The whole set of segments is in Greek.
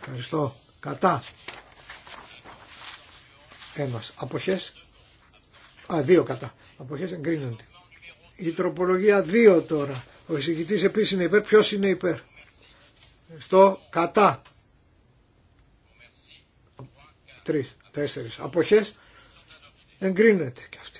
Ευχαριστώ. Κατά. Ένας. Αποχές. Α, δύο κατά. Αποχές εγκρίνονται. Η τροπολογία δύο τώρα. Ο εισηγητής επίσης είναι υπέρ. Ποιος είναι υπέρ. Ευχαριστώ. κατά. Τρεις, τέσσερις. Αποχές εγκρίνεται και αυτή.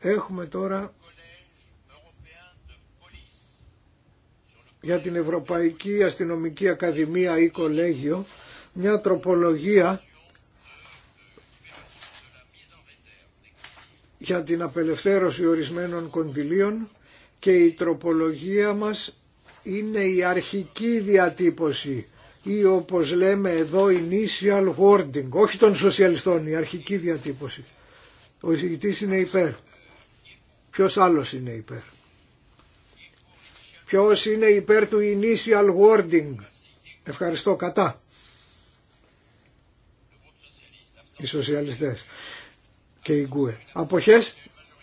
Έχουμε τώρα για την Ευρωπαϊκή Αστυνομική Ακαδημία ή Κολέγιο μια τροπολογία για την απελευθέρωση ορισμένων κοντιλίων και η τροπολογία μας είναι η αρχική διατύπωση ή όπως λέμε εδώ initial wording, όχι των σοσιαλιστών, η αρχική διατύπωση. Ο εισηγητής είναι υπέρ. Ποιος άλλος είναι υπέρ. Ποιος είναι υπέρ του initial wording. Ευχαριστώ κατά. Οι σοσιαλιστές και οι γκουε. Αποχές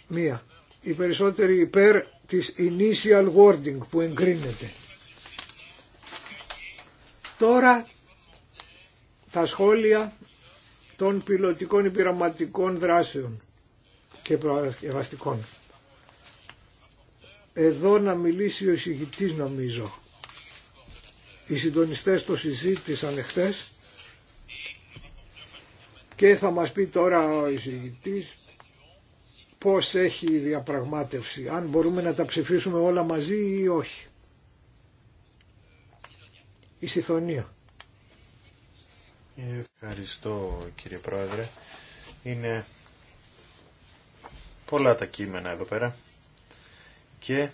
μία. Οι περισσότεροι υπέρ της initial wording που εγκρίνεται. Τώρα τα σχόλια των πιλωτικών υπηρεματικών δράσεων και βαστικών εδώ να μιλήσει ο εισηγητής νομίζω. Οι συντονιστές το συζήτησαν εχθές και θα μας πει τώρα ο εισηγητής πώς έχει η διαπραγμάτευση, αν μπορούμε να τα ψηφίσουμε όλα μαζί ή όχι. Η συθονία. Ευχαριστώ κύριε Πρόεδρε. Είναι πολλά τα κείμενα εδώ πέρα και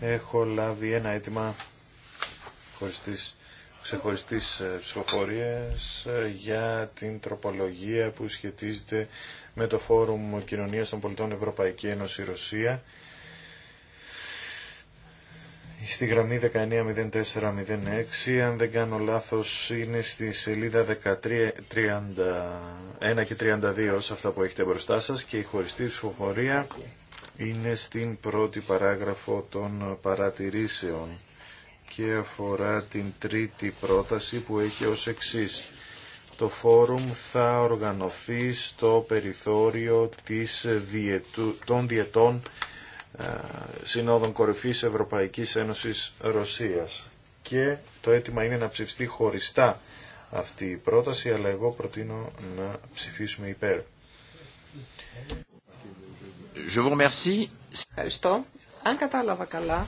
έχω λάβει ένα αίτημα χωριστής, ξεχωριστής ε, ψηφοφορίας ε, για την τροπολογία που σχετίζεται με το Φόρουμ Κοινωνίας των Πολιτών Ευρωπαϊκή Ένωση Ρωσία στη γραμμή 190406, αν δεν κάνω λάθος, είναι στη σελίδα 13, και 32 σε αυτά που έχετε μπροστά σας και η χωριστή ψηφοφορία είναι στην πρώτη παράγραφο των παρατηρήσεων και αφορά την τρίτη πρόταση που έχει ως εξής. Το φόρουμ θα οργανωθεί στο περιθώριο της των διετών Συνόδων Κορυφής Ευρωπαϊκής Ένωσης Ρωσίας. Και το αίτημα είναι να ψηφιστεί χωριστά αυτή η πρόταση, αλλά εγώ προτείνω να ψηφίσουμε υπέρ. Ευχαριστώ. Αν κατάλαβα καλά,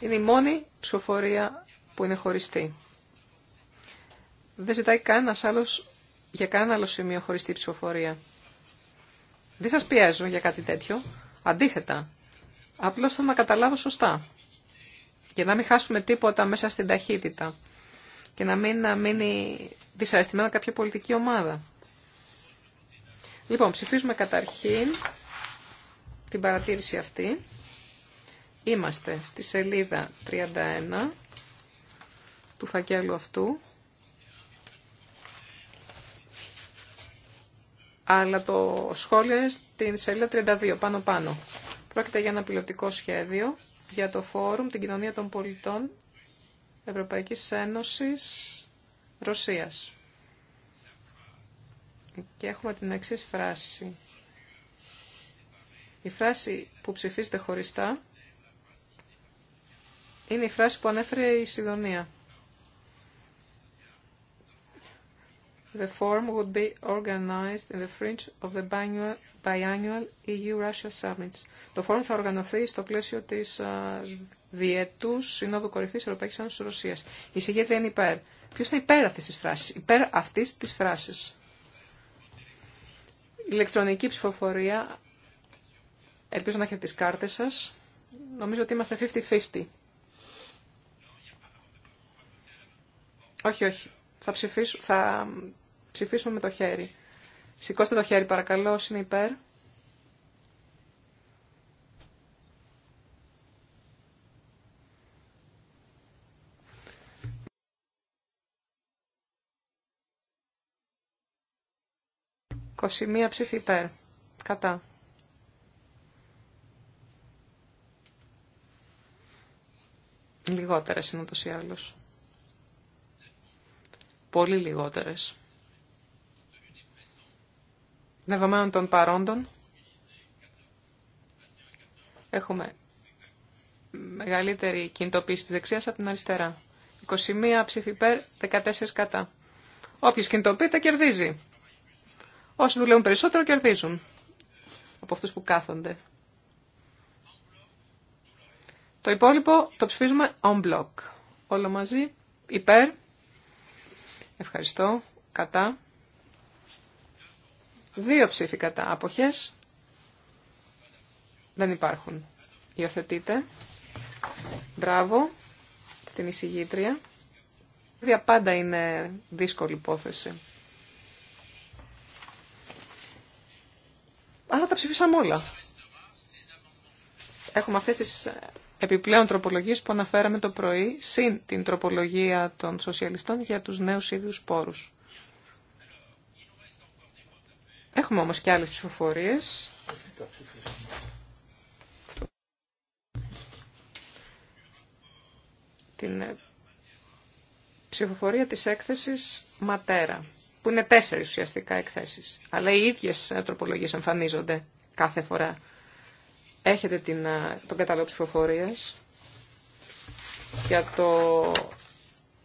είναι η μόνη ψηφοφορία που είναι χωριστή. Δεν ζητάει κανένα άλλο για κανένα άλλο σημείο χωριστή ψηφοφορία. Δεν σας πιέζω για κάτι τέτοιο. Αντίθετα, απλώς θέλω να καταλάβω σωστά. Για να μην χάσουμε τίποτα μέσα στην ταχύτητα. Και να μην να μείνει δυσαρεστημένα κάποια πολιτική ομάδα. Λοιπόν, ψηφίζουμε καταρχήν την παρατήρηση αυτή. Είμαστε στη σελίδα 31 του φακέλου αυτού. Αλλά το σχόλιο είναι στην σελίδα 32, πάνω-πάνω. Πρόκειται για ένα πιλωτικό σχέδιο για το Φόρουμ, την Κοινωνία των Πολιτών Ευρωπαϊκής Ένωσης Ρωσίας. Και έχουμε την εξής φράση. Η φράση που ψηφίζεται χωριστά είναι η φράση που ανέφερε η Σιδονία. The form would be organized in the fringe of the biannual EU-Russia summits. Το φόρουμ θα οργανωθεί στο πλαίσιο της διετούς Συνόδου Κορυφής Ευρωπαϊκής Ένωσης Ρωσίας. Η συγκέντρια είναι υπέρ. Ποιος είναι υπέρ αυτής της φράσης. Υπέρ αυτής της φράσης. Ηλεκτρονική ψηφοφορία Ελπίζω να έχετε τις κάρτες σας. Νομίζω ότι είμαστε 50-50. Όχι, όχι. Θα, θα ψηφίσουμε με το χέρι. Σηκώστε το χέρι παρακαλώ, όσοι είναι υπέρ. Κοσιμία ψήφι υπέρ. Κατά. Λιγότερες είναι ούτως ή άλλως. Πολύ λιγότερες. Δεδομένων των παρόντων, έχουμε μεγαλύτερη κινητοποίηση της δεξιάς από την αριστερά. 21 ψήφι υπέρ, 14 κατά. Όποιος κινητοποιείται κερδίζει. Όσοι δουλεύουν περισσότερο κερδίζουν από αυτούς που κάθονται. Το υπόλοιπο το ψηφίζουμε on block. Όλο μαζί, υπέρ, ευχαριστώ, κατά, δύο ψήφοι κατά, αποχές, δεν υπάρχουν. Υιοθετείτε. Μπράβο στην εισηγήτρια. δια πάντα είναι δύσκολη υπόθεση. Αλλά τα ψηφίσαμε όλα. Έχουμε αυτές τις ε, επιπλέον τροπολογίες που αναφέραμε το πρωί, συν την τροπολογία των σοσιαλιστών για τους νέους ίδιους πόρους. Έχουμε όμως και άλλες ψηφοφορίες. Την ε, ψηφοφορία της έκθεσης Ματέρα, που είναι τέσσερις ουσιαστικά εκθέσεις, αλλά οι ίδιες ε, τροπολογίες εμφανίζονται κάθε φορά Έχετε την, ε, τον κατάλογο ψηφοφορία για το,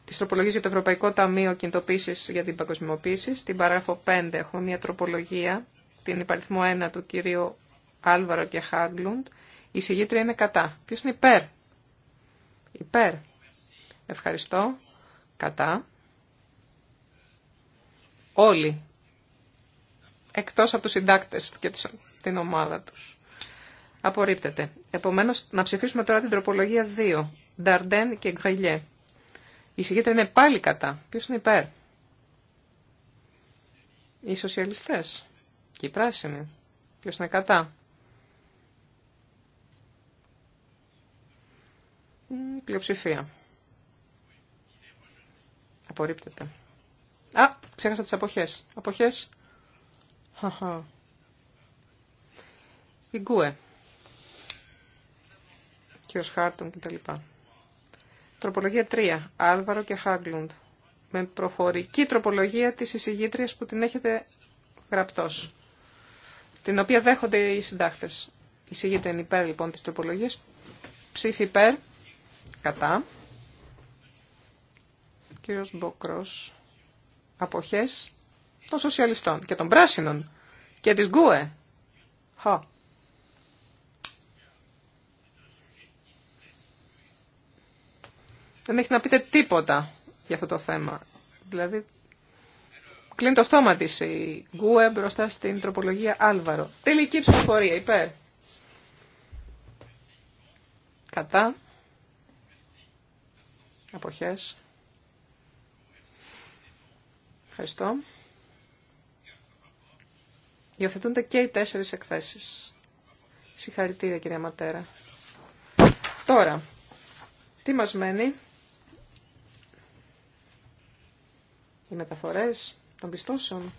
τις τροπολογίες για το Ευρωπαϊκό Ταμείο κινητοποίηση για την Παγκοσμιοποίηση. Στην παράγραφο 5 έχουμε μια τροπολογία, την υπαριθμό 1 του κυρίου Άλβαρο και Χάγκλουντ. Η συγγήτρια είναι κατά. Ποιος είναι υπέρ. Υπέρ. Ευχαριστώ. Κατά. Όλοι. Εκτός από τους συντάκτες και την ομάδα τους. Απορρίπτεται. Επομένως, να ψηφίσουμε τώρα την τροπολογία 2. Νταρντέν και Γκριλιέ. Η συγκέντρια είναι πάλι κατά. Ποιο είναι υπέρ. Οι σοσιαλιστές. Και οι πράσινοι. ποιο είναι κατά. Πλειοψηφία. Απορρίπτεται. Α, ξέχασα τις αποχές. Αποχές. Η Γκουε. Χάρτον κτλ. Τροπολογία 3. Άλβαρο και Χάγκλουντ. Με προφορική τροπολογία της εισηγήτριας που την έχετε γραπτός. Την οποία δέχονται οι συντάχτες. Η εισηγήτρια υπέρ λοιπόν τη τροπολογία. Ψήφι υπέρ. Κατά. Κύριος Μποκρός. Αποχές των σοσιαλιστών και των πράσινων και της Γκουε. Χα. δεν έχει να πείτε τίποτα για αυτό το θέμα. Δηλαδή, κλείνει το στόμα της η Γκουε μπροστά στην τροπολογία Άλβαρο. Τελική ψηφοφορία, υπέρ. Κατά. Αποχές. Ευχαριστώ. Υιοθετούνται και οι τέσσερις εκθέσεις. Συγχαρητήρια κυρία Ματέρα. Τώρα, τι μας μένει. οι μεταφορές των πιστώσεων.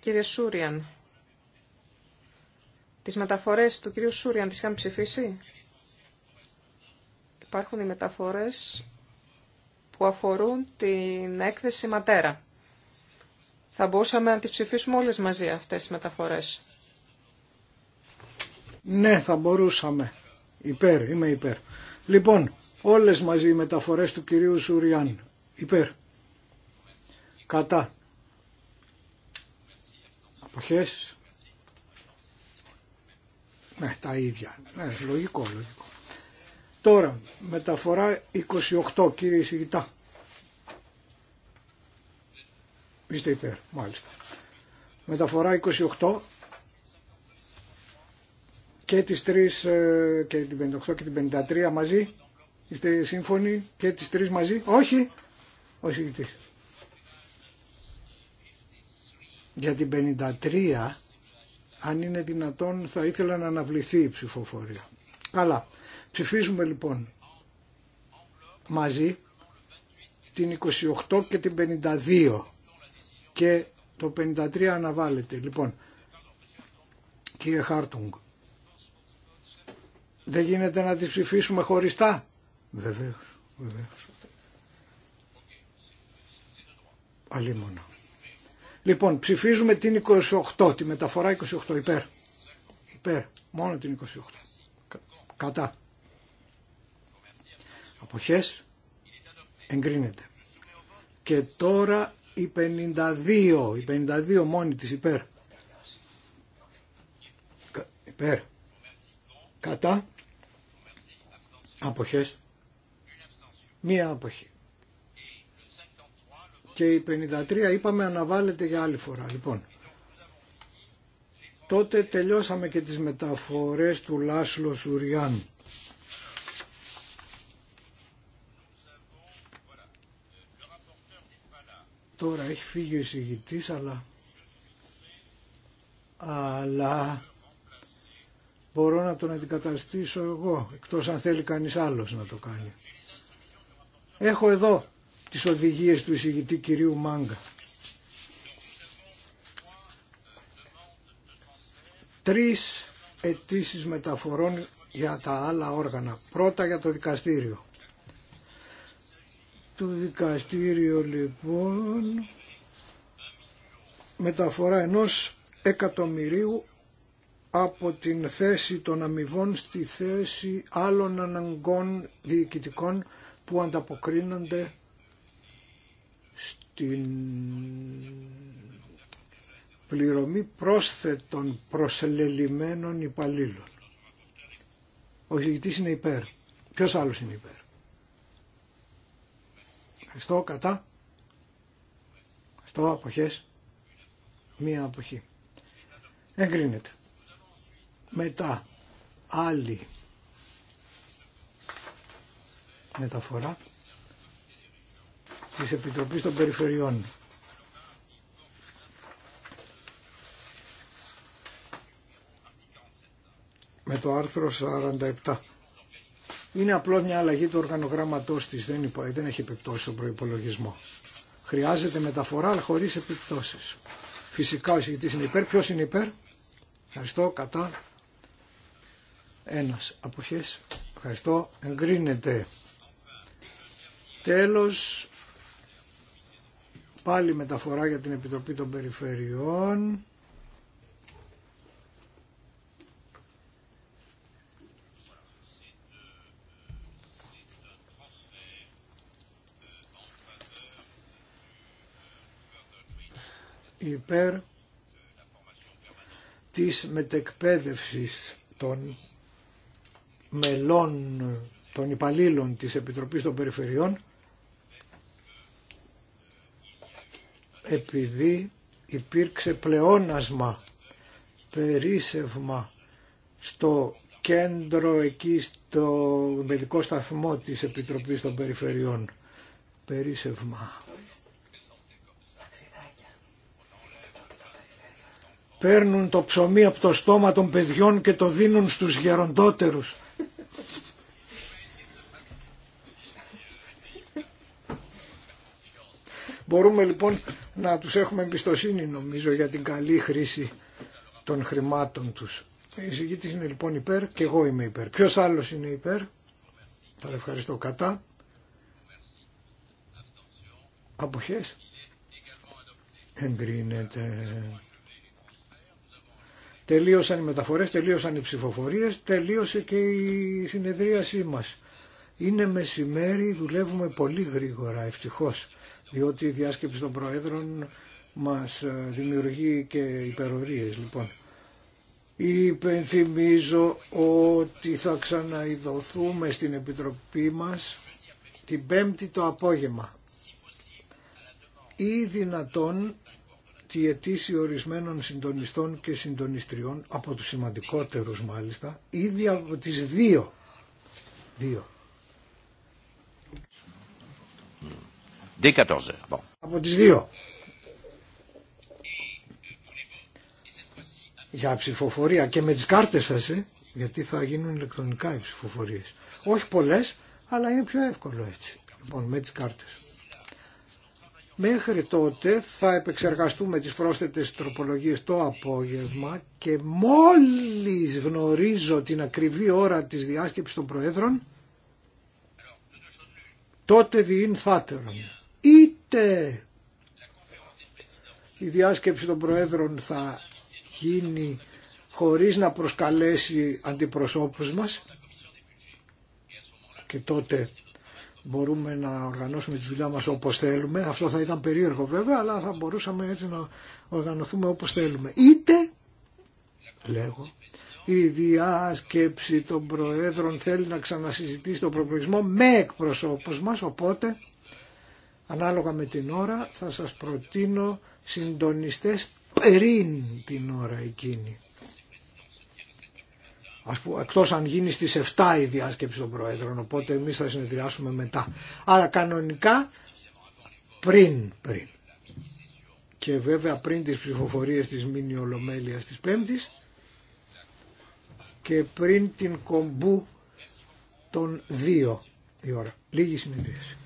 Κύριε Σούριαν, τις μεταφορές του κυρίου Σούριαν τις είχαμε ψηφίσει. Υπάρχουν οι μεταφορές που αφορούν την έκθεση Ματέρα. Θα μπορούσαμε να τις ψηφίσουμε όλες μαζί αυτές τις μεταφορές. Ναι, θα μπορούσαμε. Υπέρ, είμαι υπέρ. Λοιπόν, όλες μαζί οι μεταφορές του κυρίου Σουριάν. Υπέρ. Κατά. Αποχές. Ναι, τα ίδια. Ναι, λογικό, λογικό. Τώρα, μεταφορά 28, κύριε Σιγητά. Είστε υπέρ, μάλιστα. Μεταφορά 28, και τις 3 ε, και την 58 και την 53 μαζί. Είστε σύμφωνοι και τις τρεις μαζί. Όχι. Όχι, συγκητής. Για την 53, αν είναι δυνατόν, θα ήθελα να αναβληθεί η ψηφοφορία. Καλά. Ψηφίζουμε λοιπόν μαζί την 28 και την 52 και το 53 αναβάλλεται. Λοιπόν, κύριε Χάρτουγκ, δεν γίνεται να τις ψηφίσουμε χωριστά. Βεβαίως, βεβαίως. μόνο. Λοιπόν, ψηφίζουμε την 28, τη μεταφορά 28, υπέρ. Υπέρ, μόνο την 28. Κα, κατά. Αποχές, εγκρίνεται. Και τώρα η 52, η 52 μόνη της υπέρ. υπέρ. Κατά. Αποχές. Μία αποχή. Και η 53 είπαμε αναβάλλεται για άλλη φορά. Λοιπόν, τότε τελειώσαμε και τις μεταφορές του Λάσλο Σουριάν. Τώρα έχει φύγει ο εισηγητής, αλλά... αλλά μπορώ να τον αντικαταστήσω εγώ, εκτός αν θέλει κανείς άλλος να το κάνει. Έχω εδώ τις οδηγίες του εισηγητή κυρίου Μάγκα. Τρεις αιτήσει μεταφορών για τα άλλα όργανα. Πρώτα για το δικαστήριο. Το δικαστήριο λοιπόν μεταφορά ενός εκατομμυρίου από την θέση των αμοιβών στη θέση άλλων αναγκών διοικητικών που ανταποκρίνονται στην πληρωμή πρόσθετων προσελελημένων υπαλλήλων. Ο διοικητής είναι υπέρ. Ποιος άλλος είναι υπέρ. Ευχαριστώ, κατά. Ευχαριστώ, αποχές. Μία αποχή. Εγκρίνεται. Μετά, άλλη μεταφορά της Επιτροπής των Περιφερειών. Με το άρθρο 47. Είναι απλό μια αλλαγή του οργανογράμματός της, δεν, δεν έχει επιπτώσει στον προϋπολογισμό. Χρειάζεται μεταφορά, αλλά χωρίς επιπτώσεις. Φυσικά ο συγκεκριτής είναι υπέρ. Ποιος είναι υπέρ? Ευχαριστώ, κατά, ένας. Αποχές. Ευχαριστώ. Εγκρίνεται. Τέλος. Πάλι μεταφορά για την Επιτροπή των Περιφερειών. υπέρ της μετεκπαίδευσης των μελών των υπαλλήλων της Επιτροπής των Περιφερειών επειδή υπήρξε πλεόνασμα, περίσευμα στο κέντρο εκεί στο μελικό σταθμό της Επιτροπής των Περιφερειών. Περίσευμα. Παίρνουν το ψωμί από το στόμα των παιδιών και το δίνουν στους γεροντότερους. Μπορούμε λοιπόν να τους έχουμε εμπιστοσύνη νομίζω για την καλή χρήση των χρημάτων τους. Η συγκήτηση είναι λοιπόν υπέρ και εγώ είμαι υπέρ. Ποιος άλλος είναι υπέρ. Θα ευχαριστώ κατά. Αποχές. Εγκρίνεται. Τελείωσαν οι μεταφορές, τελείωσαν οι ψηφοφορίες, τελείωσε και η συνεδρίασή μας. Είναι μεσημέρι, δουλεύουμε πολύ γρήγορα, ευτυχώς διότι η διάσκεψη των Προέδρων μας ε, δημιουργεί και υπερορίες λοιπόν. Υπενθυμίζω ότι θα ξαναειδωθούμε στην Επιτροπή μας την Πέμπτη το απόγευμα ή δυνατόν τη αιτήση ορισμένων συντονιστών και συντονιστριών από τους σημαντικότερους μάλιστα ήδη από τις δύο, δύο dès 14 14h. Bon. Από τι 2. Για ψηφοφορία και με τις κάρτες σα. ε, γιατί θα γίνουν ηλεκτρονικά οι ψηφοφορίες. Όχι πολλές, αλλά είναι πιο εύκολο έτσι. Λοιπόν, με τις κάρτες. Μέχρι τότε θα επεξεργαστούμε τις πρόσθετε τροπολογίες το απόγευμα και μόλις γνωρίζω την ακριβή ώρα της διάσκεψης των Προέδρων, τότε διήν φάτερον ούτε η διάσκεψη των Προέδρων θα γίνει χωρίς να προσκαλέσει αντιπροσώπους μας και τότε μπορούμε να οργανώσουμε τη δουλειά μας όπως θέλουμε. Αυτό θα ήταν περίεργο βέβαια, αλλά θα μπορούσαμε έτσι να οργανωθούμε όπως θέλουμε. Είτε, λέγω, η διάσκεψη των Προέδρων θέλει να ξανασυζητήσει τον προπολογισμό με εκπροσώπους μας, οπότε Ανάλογα με την ώρα θα σας προτείνω συντονιστές πριν την ώρα εκείνη. Ας πούμε, εκτός αν γίνει στις 7 η διάσκεψη των Προέδρων, οπότε εμείς θα συνεδριάσουμε μετά. Άρα κανονικά πριν, πριν. Και βέβαια πριν τις ψηφοφορίες της Μίνι Ολομέλειας της Πέμπτης και πριν την κομπού των 2 η ώρα. Λίγη συνεδρίαση.